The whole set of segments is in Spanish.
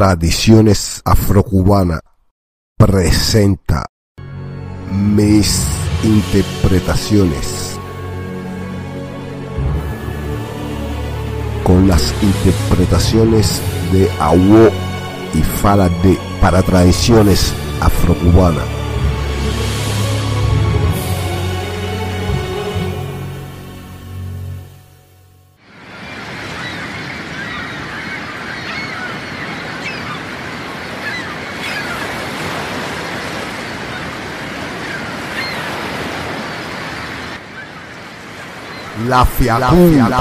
tradiciones Afrocubana presenta mis interpretaciones con las interpretaciones de Awo y de para tradiciones afrocubanas. la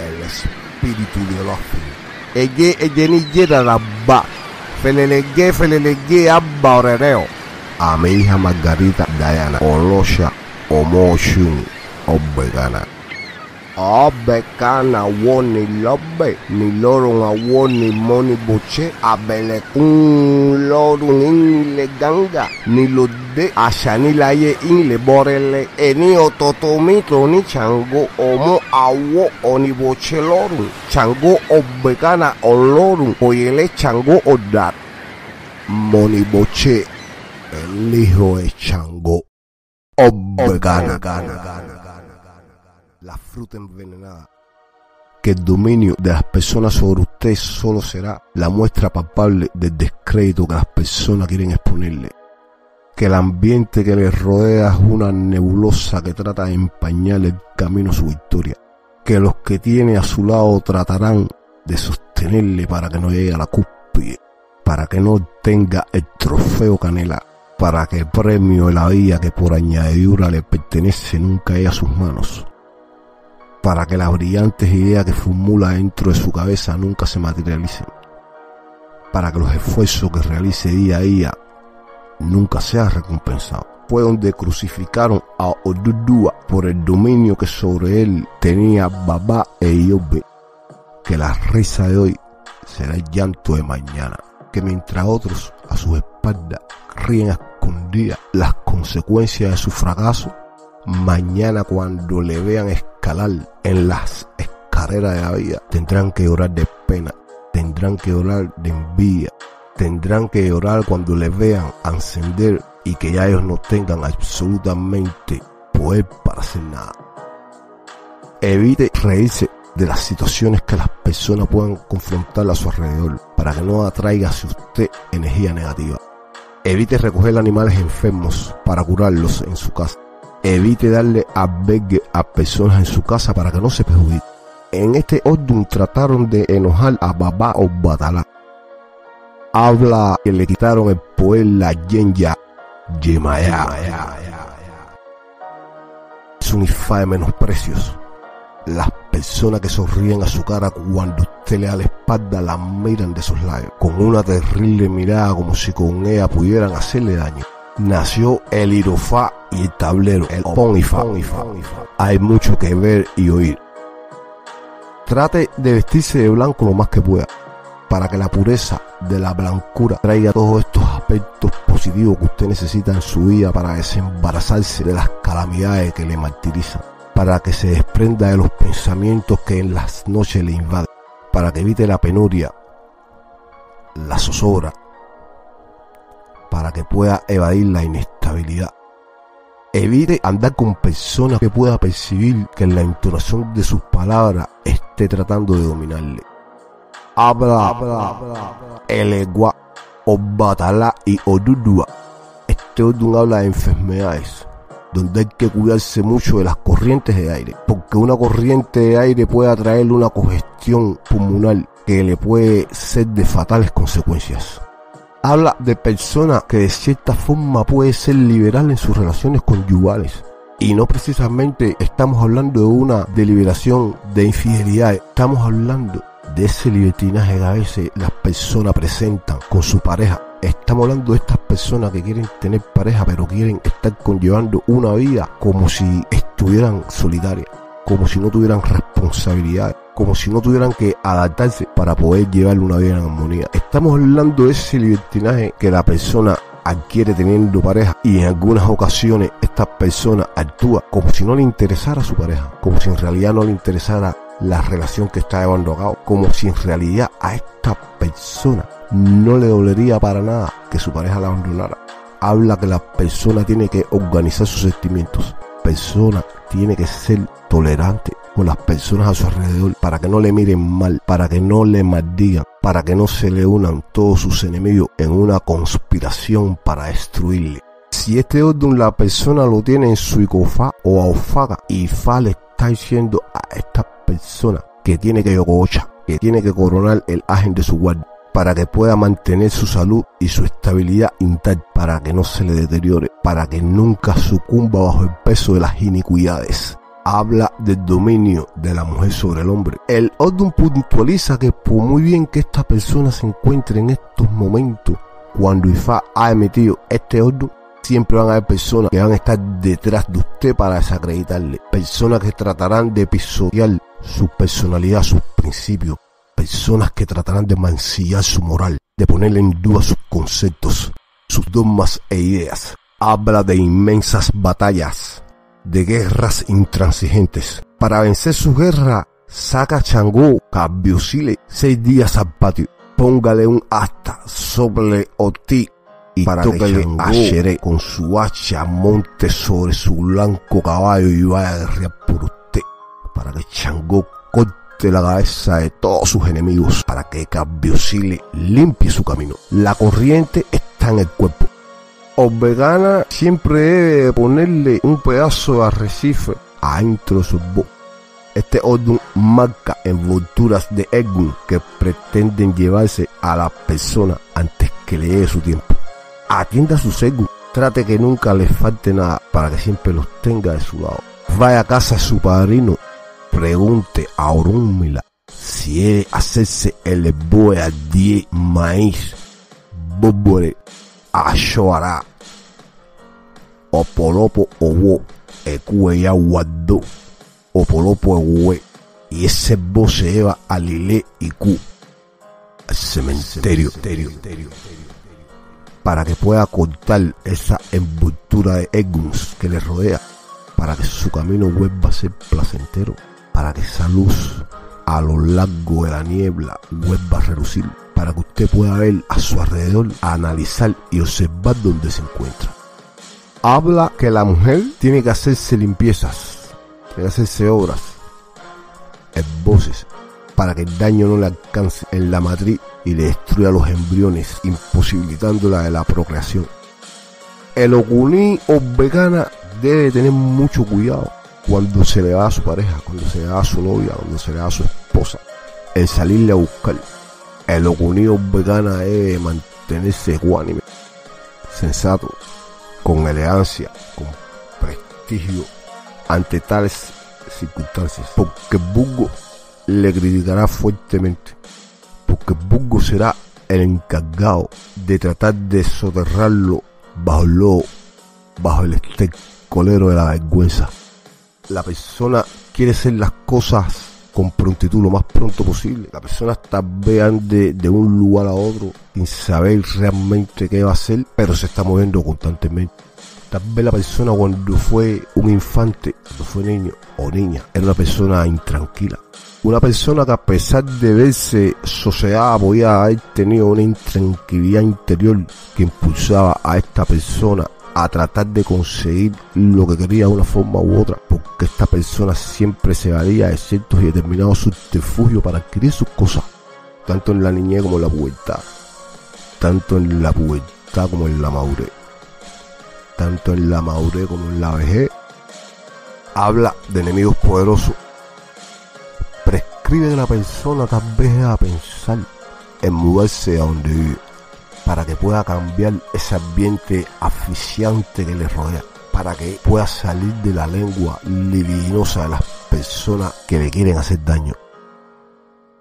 El espíritu de la Ege egeni la rabba. la felelege abba orereo. La mi Margarita Diana Olosha Omoshun obekana woni lobe ni lorun awoni moni boche abelekun lorun inile ganga ni lode asanilaye inile borele eni ototo mitro ni chango omo awo oni boche lorun chango obekana olorun oyele chango odar moni boche el hijo de chango obekana. obekana. envenenada, que el dominio de las personas sobre usted solo será la muestra palpable del descrédito que las personas quieren exponerle, que el ambiente que le rodea es una nebulosa que trata de empañarle el camino a su victoria, que los que tiene a su lado tratarán de sostenerle para que no llegue a la cúspide, para que no tenga el trofeo canela, para que el premio de la vida que por añadidura le pertenece nunca haya a sus manos para que las brillantes ideas que formula dentro de su cabeza nunca se materialicen, para que los esfuerzos que realice día a día nunca sean recompensados. Fue donde crucificaron a Odudua por el dominio que sobre él tenía Baba e que la risa de hoy será el llanto de mañana, que mientras otros a sus espaldas ríen a escondidas las consecuencias de su fracaso, mañana cuando le vean escalar en las escaleras de la vida, tendrán que llorar de pena, tendrán que llorar de envidia, tendrán que llorar cuando le vean ascender y que ya ellos no tengan absolutamente poder para hacer nada. Evite reírse de las situaciones que las personas puedan confrontar a su alrededor para que no atraiga a usted energía negativa. Evite recoger animales enfermos para curarlos en su casa evite darle a albergue a personas en su casa para que no se perjudique. En este orden trataron de enojar a Baba o Habla que le quitaron el poder la Yenya Yemaya. Es un de menosprecios. Las personas que sonríen a su cara cuando usted le da la espalda la miran de sus labios, con una terrible mirada como si con ella pudieran hacerle daño nació el Irofá y el tablero, el Ponifa. Hay mucho que ver y oír. Trate de vestirse de blanco lo más que pueda, para que la pureza de la blancura traiga todos estos aspectos positivos que usted necesita en su vida para desembarazarse de las calamidades que le martirizan, para que se desprenda de los pensamientos que en las noches le invaden, para que evite la penuria, la zozobra para que pueda evadir la inestabilidad. Evite andar con personas que pueda percibir que en la entonación de sus palabras esté tratando de dominarle. Habla, elegua, obatala y odudua. Este orden habla de enfermedades, donde hay que cuidarse mucho de las corrientes de aire, porque una corriente de aire puede atraerle una congestión pulmonar que le puede ser de fatales consecuencias habla de personas que de cierta forma puede ser liberal en sus relaciones conyugales. Y no precisamente estamos hablando de una deliberación de infidelidad, estamos hablando de ese libertinaje que a veces las personas presentan con su pareja. Estamos hablando de estas personas que quieren tener pareja pero quieren estar conllevando una vida como si estuvieran solitarias, como si no tuvieran responsabilidades como si no tuvieran que adaptarse para poder llevar una vida en armonía. Estamos hablando de ese libertinaje que la persona adquiere teniendo pareja y en algunas ocasiones esta persona actúa como si no le interesara a su pareja, como si en realidad no le interesara la relación que está llevando a cabo, como si en realidad a esta persona no le dolería para nada que su pareja la abandonara. Habla que la persona tiene que organizar sus sentimientos, persona tiene que ser tolerante con las personas a su alrededor para que no le miren mal, para que no le maldigan, para que no se le unan todos sus enemigos en una conspiración para destruirle. Si este orden la persona lo tiene en su icofa o y y le está diciendo a esta persona que tiene que yococha, que tiene que coronar el agente de su guardia para que pueda mantener su salud y su estabilidad intacta, para que no se le deteriore, para que nunca sucumba bajo el peso de las iniquidades habla del dominio de la mujer sobre el hombre. El Odum puntualiza que por muy bien que esta persona se encuentre en estos momentos, cuando IFA ha emitido este Odum, siempre van a haber personas que van a estar detrás de usted para desacreditarle. Personas que tratarán de episodiar su personalidad, sus principios. Personas que tratarán de mancillar su moral, de ponerle en duda sus conceptos, sus dogmas e ideas. Habla de inmensas batallas de guerras intransigentes. Para vencer su guerra, saca a Changó, sile, seis días al patio. Póngale un hasta sobre ti y para que a con su hacha monte sobre su blanco caballo y vaya a guerrear por usted. Para que chango corte la cabeza de todos sus enemigos. Para que sile limpie su camino. La corriente está en el cuerpo o vegana, siempre debe ponerle un pedazo de arrecife a de su voz Este orden marca envolturas de ego que pretenden llevarse a la persona antes que le dé su tiempo. Atienda su ego. trate que nunca le falte nada para que siempre los tenga de su lado. Vaya a casa su padrino, pregunte a Orúmila si debe hacerse el boy a 10 maíz. Bobore ashoara opolopo owo opolopo y e ese voz se lleva a Lile y Q al cementerio, para que pueda cortar esa envoltura de Egnus que le rodea para que su camino vuelva a ser placentero para que esa luz a lo largo de la niebla vuelva a relucir para que usted pueda ver a su alrededor, analizar y observar dónde se encuentra. Habla que la mujer tiene que hacerse limpiezas, tiene que hacerse obras, esboces, para que el daño no le alcance en la matriz y le destruya los embriones, imposibilitándola de la procreación. El oculí o vegana debe tener mucho cuidado cuando se le da a su pareja, cuando se le da a su novia, cuando se le da a su esposa, en salirle a buscar el orgullo vegana es mantenerse ecuánime, sensato, con elegancia, con prestigio ante tales circunstancias, porque Bugo le criticará fuertemente, porque Bugo será el encargado de tratar de soterrarlo bajo el lobo, bajo el estercolero de la vergüenza. La persona quiere ser las cosas con prontitud, lo más pronto posible. La persona tal vez de, de un lugar a otro sin saber realmente qué va a hacer, pero se está moviendo constantemente. Tal vez la persona cuando fue un infante, cuando fue niño o niña, era una persona intranquila. Una persona que a pesar de verse sosegada podía haber tenido una intranquilidad interior que impulsaba a esta persona a tratar de conseguir lo que quería de una forma u otra, porque esta persona siempre se daría de ciertos y determinados subterfugios para adquirir sus cosas, tanto en la niñez como en la pubertad, tanto en la pubertad como en la madurez, tanto en la madurez como en la vejez. Habla de enemigos poderosos, prescribe de la persona tal vez a pensar en mudarse a donde vive para que pueda cambiar ese ambiente asfixiante que le rodea, para que pueda salir de la lengua libidinosa de las personas que le quieren hacer daño.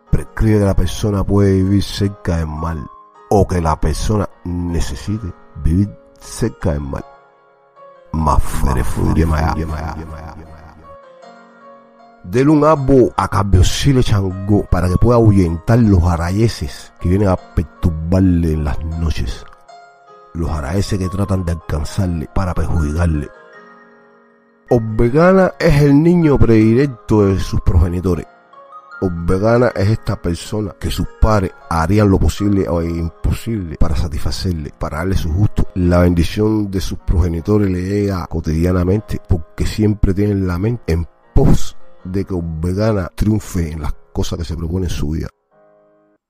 Prescribe que la persona puede vivir cerca del mal o que la persona necesite vivir cerca del mal. Más fuere Dele un arbo a Cambiosile Changó para que pueda ahuyentar los arayeses que vienen a perturbar en las noches. Los araeses que tratan de alcanzarle para perjudicarle. Osvegana es el niño predilecto de sus progenitores. Osvegana es esta persona que sus padres harían lo posible o imposible para satisfacerle, para darle su gusto. La bendición de sus progenitores le llega cotidianamente porque siempre tienen la mente en pos de que Osvegana triunfe en las cosas que se propone en su vida.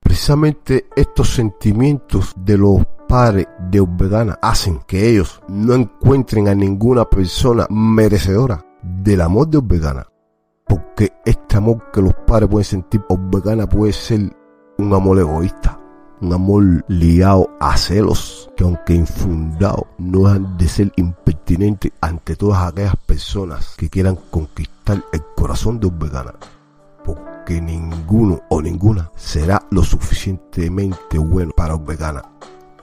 Precisamente estos sentimientos de los padres de Obedana hacen que ellos no encuentren a ninguna persona merecedora del amor de Obedana. Porque este amor que los padres pueden sentir por vegana puede ser un amor egoísta, un amor ligado a celos, que aunque infundado, no han de ser impertinente ante todas aquellas personas que quieran conquistar el corazón de que ninguno o ninguna será lo suficientemente bueno para un vegana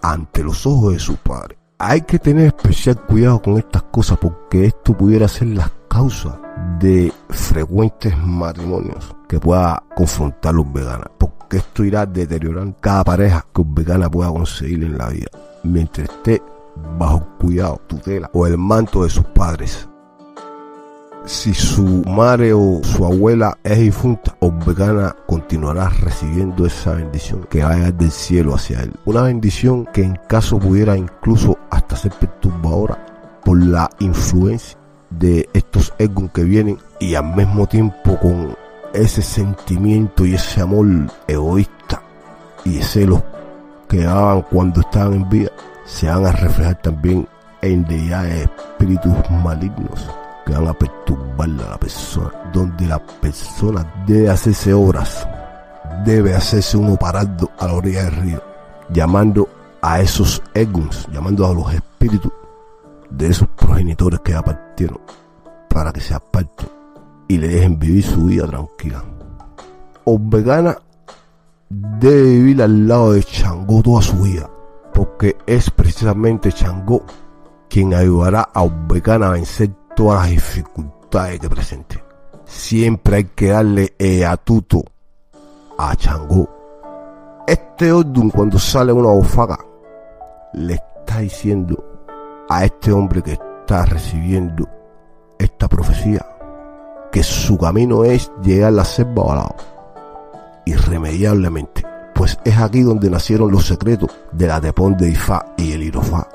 ante los ojos de sus padres. Hay que tener especial cuidado con estas cosas porque esto pudiera ser la causa de frecuentes matrimonios que pueda confrontar un vegana. Porque esto irá deteriorando cada pareja que un vegana pueda conseguir en la vida. Mientras esté bajo cuidado, tutela o el manto de sus padres. Si su madre o su abuela es difunta o vegana, continuará recibiendo esa bendición que vaya del cielo hacia él. Una bendición que en caso pudiera incluso hasta ser perturbadora por la influencia de estos egos que vienen y al mismo tiempo con ese sentimiento y ese amor egoísta y celos que daban cuando estaban en vida se van a reflejar también en deidades espíritus malignos que van a perturbar a la persona, donde la persona debe hacerse horas, debe hacerse uno parado a la orilla del río, llamando a esos egos, llamando a los espíritus de esos progenitores que ya partieron, para que se aparten y le dejen vivir su vida tranquila. O debe vivir al lado de chango toda su vida, porque es precisamente chango quien ayudará a obegana a vencer todas las dificultades que presente. Siempre hay que darle el eh, atuto a Chango. Este Ordun cuando sale una ofaga le está diciendo a este hombre que está recibiendo esta profecía que su camino es llegar a la selva Irremediablemente. Pues es aquí donde nacieron los secretos de la depón de Ifá y el Irofá.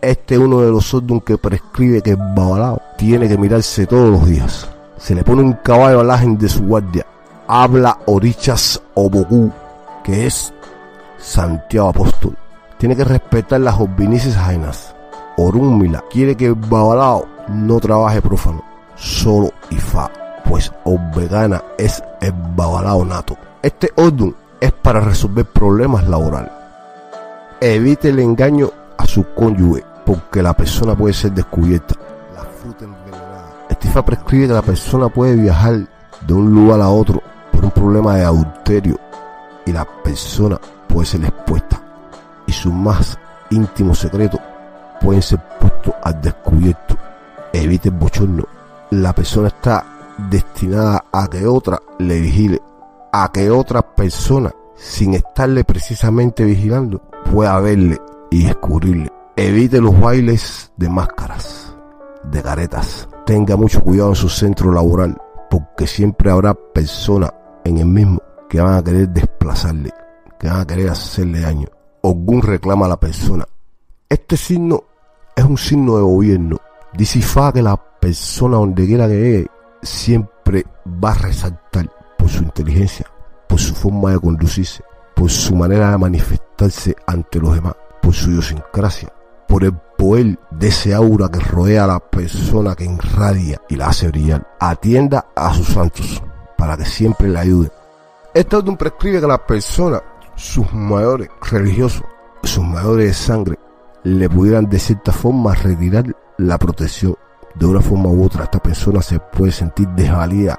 Este es uno de los Ordun que prescribe que el babalao tiene que mirarse todos los días. Se le pone un caballo al gente de su guardia. Habla orichas Oboku que es Santiago Apóstol. Tiene que respetar las obvinices jainas. Orúmila quiere que el babalao no trabaje profano, solo y fa, pues Obvegana es el babalao nato. Este Ordun es para resolver problemas laborales. Evite el engaño a su cónyuge porque la persona puede ser descubierta. La fruta envenenada. Estifa prescribe que la persona puede viajar de un lugar a otro por un problema de adulterio y la persona puede ser expuesta y sus más íntimos secretos pueden ser puestos al descubierto. Evite el bochorno. La persona está destinada a que otra le vigile, a que otra persona, sin estarle precisamente vigilando, pueda verle y descubrirle. Evite los bailes de máscaras, de caretas. Tenga mucho cuidado en su centro laboral, porque siempre habrá personas en el mismo que van a querer desplazarle, que van a querer hacerle daño. Algún reclama a la persona. Este signo es un signo de gobierno. Disifa que la persona donde quiera que llegue siempre va a resaltar por su inteligencia, por su forma de conducirse, por su manera de manifestarse ante los demás por su idiosincrasia, por el poder de ese aura que rodea a la persona que irradia y la hace brillar. Atienda a sus santos para que siempre le ayude. Este orden prescribe que la persona, sus mayores religiosos, sus mayores de sangre, le pudieran de cierta forma retirar la protección. De una forma u otra, esta persona se puede sentir desvalida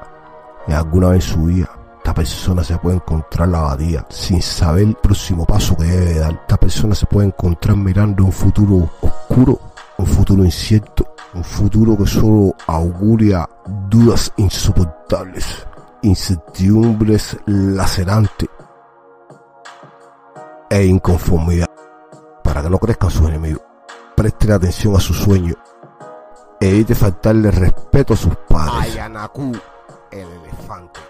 en alguna vez en su vida esta persona se puede encontrar la abadía sin saber el próximo paso que debe dar. Esta persona se puede encontrar mirando un futuro oscuro, un futuro incierto, un futuro que solo auguria dudas insoportables, incertidumbres lacerantes e inconformidad. Para que no crezca su enemigo, presten atención a sus sueños, e evite faltarle respeto a sus padres. Ayanaku, el elefante.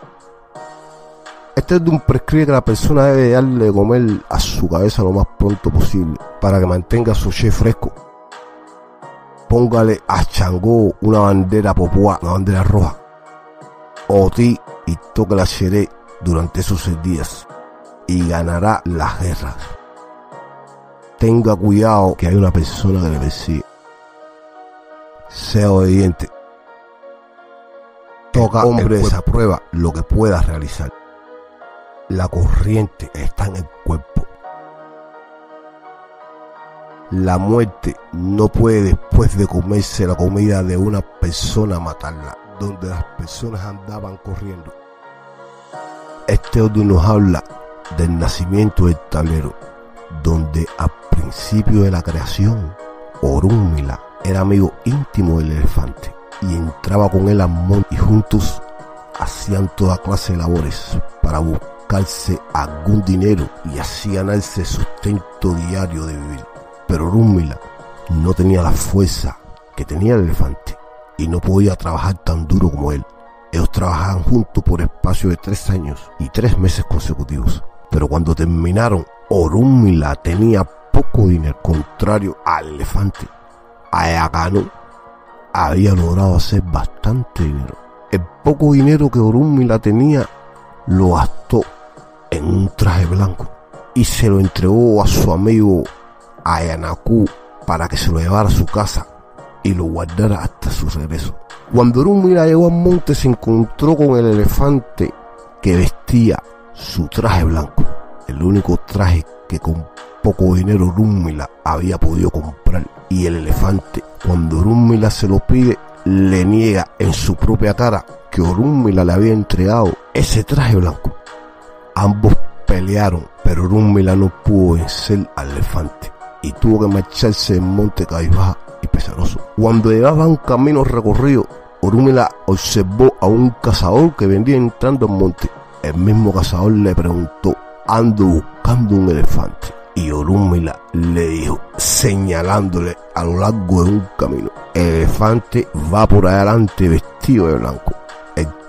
Este un prescribe que la persona debe darle de comer a su cabeza lo más pronto posible para que mantenga su che fresco. Póngale a Changó una bandera popoa, una bandera roja. O ti y toca la chere durante esos seis días y ganará las guerras. Tenga cuidado que hay una persona que le persigue. Sea obediente. Toca hombre prueba lo que puedas realizar. La corriente está en el cuerpo. La muerte no puede después de comerse la comida de una persona matarla, donde las personas andaban corriendo. Este odio nos habla del nacimiento del tablero, donde al principio de la creación, Orúmila era amigo íntimo del elefante y entraba con él al monte y juntos hacían toda clase de labores para buscar buscarse algún dinero y así ganarse sustento diario de vivir. Pero Rúmila no tenía la fuerza que tenía el elefante y no podía trabajar tan duro como él. Ellos trabajaban juntos por espacio de tres años y tres meses consecutivos. Pero cuando terminaron, Orúmila oh, tenía poco dinero, contrario al elefante. Ayacano había logrado hacer bastante dinero. El poco dinero que Orúmila tenía lo gastó en un traje blanco y se lo entregó a su amigo Ayanaku para que se lo llevara a su casa y lo guardara hasta su regreso. Cuando Rumira llegó al monte se encontró con el elefante que vestía su traje blanco, el único traje que con poco dinero Rumila había podido comprar y el elefante cuando Rumila se lo pide le niega en su propia cara que Rumila le había entregado ese traje blanco Ambos pelearon, pero Rumila no pudo vencer al elefante y tuvo que marcharse en monte Caibaja y Pesaroso. Cuando un camino recorrido, Orúmila observó a un cazador que venía entrando al monte. El mismo cazador le preguntó, ando buscando un elefante. Y Orúmila le dijo, señalándole a lo largo de un camino, el elefante va por adelante vestido de blanco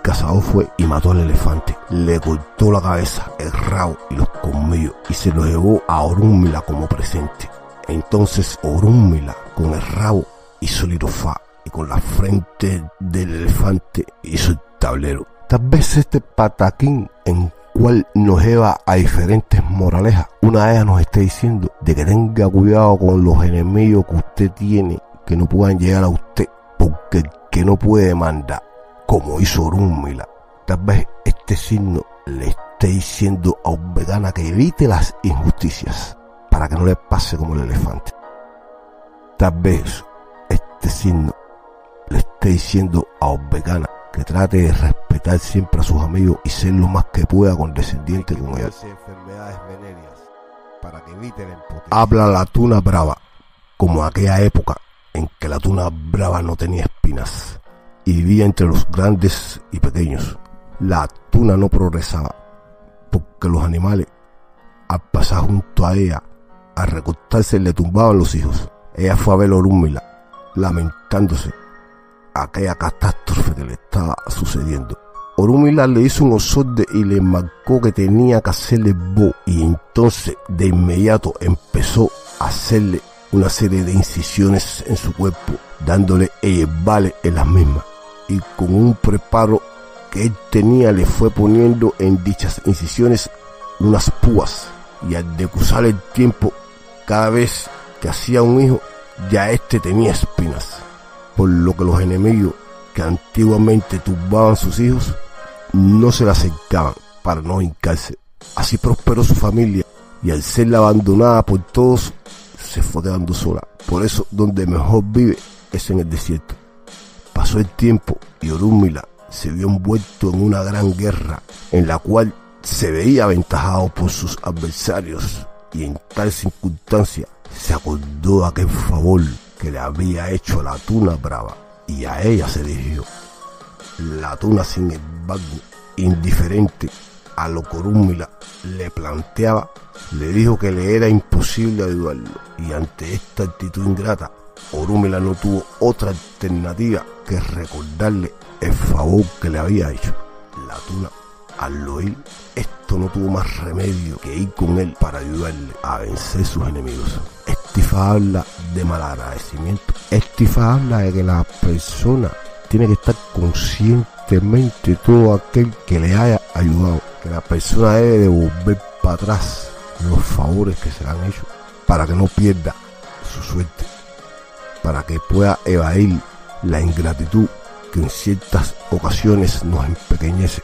cazador fue y mató al elefante. Le cortó la cabeza, el rabo y los comillos y se lo llevó a Orúmila como presente. Entonces Orúmila con el rabo hizo litofá y con la frente del elefante hizo el tablero. Tal vez este pataquín en cual nos lleva a diferentes moralejas. Una de ellas nos está diciendo de que tenga cuidado con los enemigos que usted tiene, que no puedan llegar a usted, porque que no puede mandar como hizo Rúmila, Tal vez este signo le esté diciendo a un que evite las injusticias para que no le pase como el elefante. Tal vez este signo le esté diciendo a un que trate de respetar siempre a sus amigos y ser lo más que pueda condescendiente con ellos. Habla la tuna brava, como aquella época en que la tuna brava no tenía espinas y vivía entre los grandes y pequeños. La tuna no progresaba porque los animales al pasar junto a ella, a recostarse le tumbaban los hijos. Ella fue a ver Orúmila, lamentándose aquella catástrofe que le estaba sucediendo. Orúmila le hizo un osorde y le marcó que tenía que hacerle bo y entonces de inmediato empezó a hacerle una serie de incisiones en su cuerpo, dándole vale en las mismas y con un preparo que él tenía le fue poniendo en dichas incisiones unas púas y al decusar el tiempo cada vez que hacía un hijo ya éste tenía espinas, por lo que los enemigos que antiguamente turbaban sus hijos no se la aceptaban para no hincarse. Así prosperó su familia y al ser abandonada por todos se fue quedando sola. Por eso donde mejor vive es en el desierto. Pasó el tiempo y Orúmila se vio envuelto en una gran guerra en la cual se veía aventajado por sus adversarios y en tal circunstancia se acordó aquel favor que le había hecho la tuna brava y a ella se dirigió. La tuna, sin embargo, indiferente a lo corúmila le planteaba, le dijo que le era imposible ayudarlo y ante esta actitud ingrata Orúmela no tuvo otra alternativa que recordarle el favor que le había hecho. La tuna, al oír esto, no tuvo más remedio que ir con él para ayudarle a vencer sus enemigos. Estifa habla de agradecimiento. Estifa habla de que la persona tiene que estar conscientemente todo aquel que le haya ayudado. Que la persona debe devolver para atrás los favores que se le han hecho para que no pierda su suerte para que pueda evadir la ingratitud que en ciertas ocasiones nos empequeñece.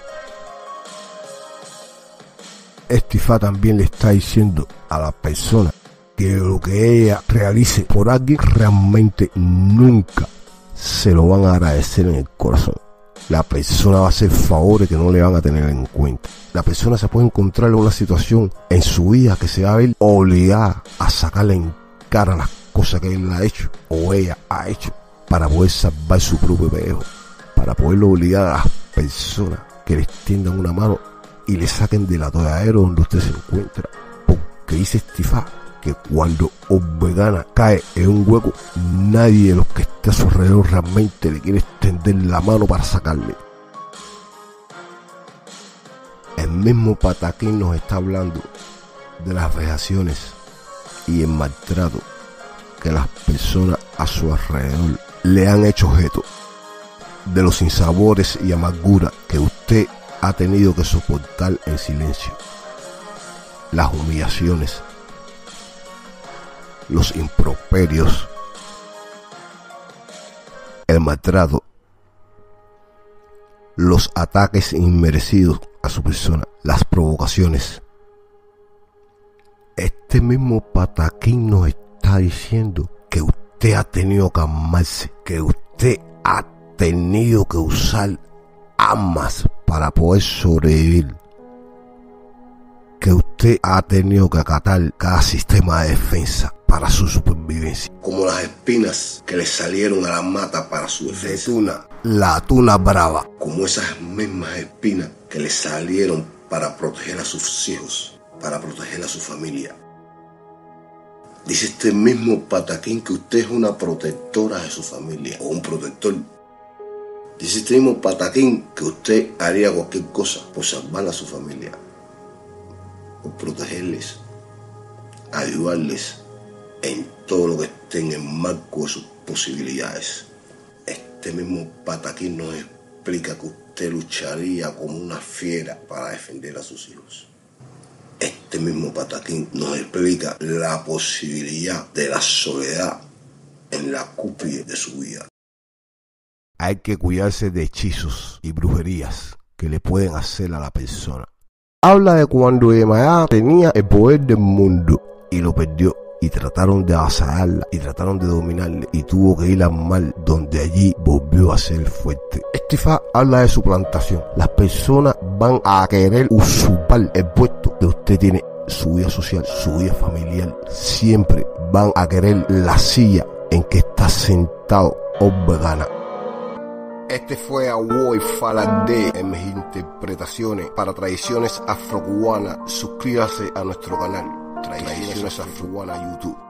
Estifa también le está diciendo a la persona que lo que ella realice por alguien realmente nunca se lo van a agradecer en el corazón. La persona va a hacer favores que no le van a tener en cuenta. La persona se puede encontrar en una situación en su vida que se va a ver obligada a sacarle en cara las cosas. Cosa que él ha hecho o ella ha hecho para poder salvar su propio pellejo, para poderlo obligar a las personas que le extiendan una mano y le saquen de la atolladero donde usted se encuentra. Porque dice Estifá que cuando Obegana cae en un hueco, nadie de los que está a su alrededor realmente le quiere extender la mano para sacarle. El mismo Pataquín nos está hablando de las vejaciones y el maltrato que las personas a su alrededor le han hecho objeto de los insabores y amargura que usted ha tenido que soportar en silencio. Las humillaciones, los improperios, el maltrato, los ataques inmerecidos a su persona, las provocaciones. Este mismo pataquín nos está diciendo que usted ha tenido que amarse, que usted ha tenido que usar armas para poder sobrevivir, que usted ha tenido que acatar cada sistema de defensa para su supervivencia. Como las espinas que le salieron a la mata para su defensa. la tuna brava. Como esas mismas espinas que le salieron para proteger a sus hijos, para proteger a su familia. Dice este mismo Pataquín que usted es una protectora de su familia o un protector. Dice este mismo Pataquín que usted haría cualquier cosa por salvar a su familia, por protegerles, ayudarles en todo lo que estén en el marco de sus posibilidades. Este mismo Pataquín nos explica que usted lucharía como una fiera para defender a sus hijos. Este mismo Patatín nos explica la posibilidad de la soledad en la cúspide de su vida. Hay que cuidarse de hechizos y brujerías que le pueden hacer a la persona. Habla de cuando Emma tenía el poder del mundo y lo perdió y trataron de asalarla y trataron de dominarle y tuvo que ir al Mal donde allí volvió a ser fuerte. estefa habla de su plantación. Las personas van a querer usurpar el puesto usted tiene, su vida social, su vida familiar, siempre van a querer la silla en que está sentado o Este fue a Woy Fala en mis interpretaciones para tradiciones afrocubanas. Suscríbase a nuestro canal, Tradiciones, tradiciones YouTube.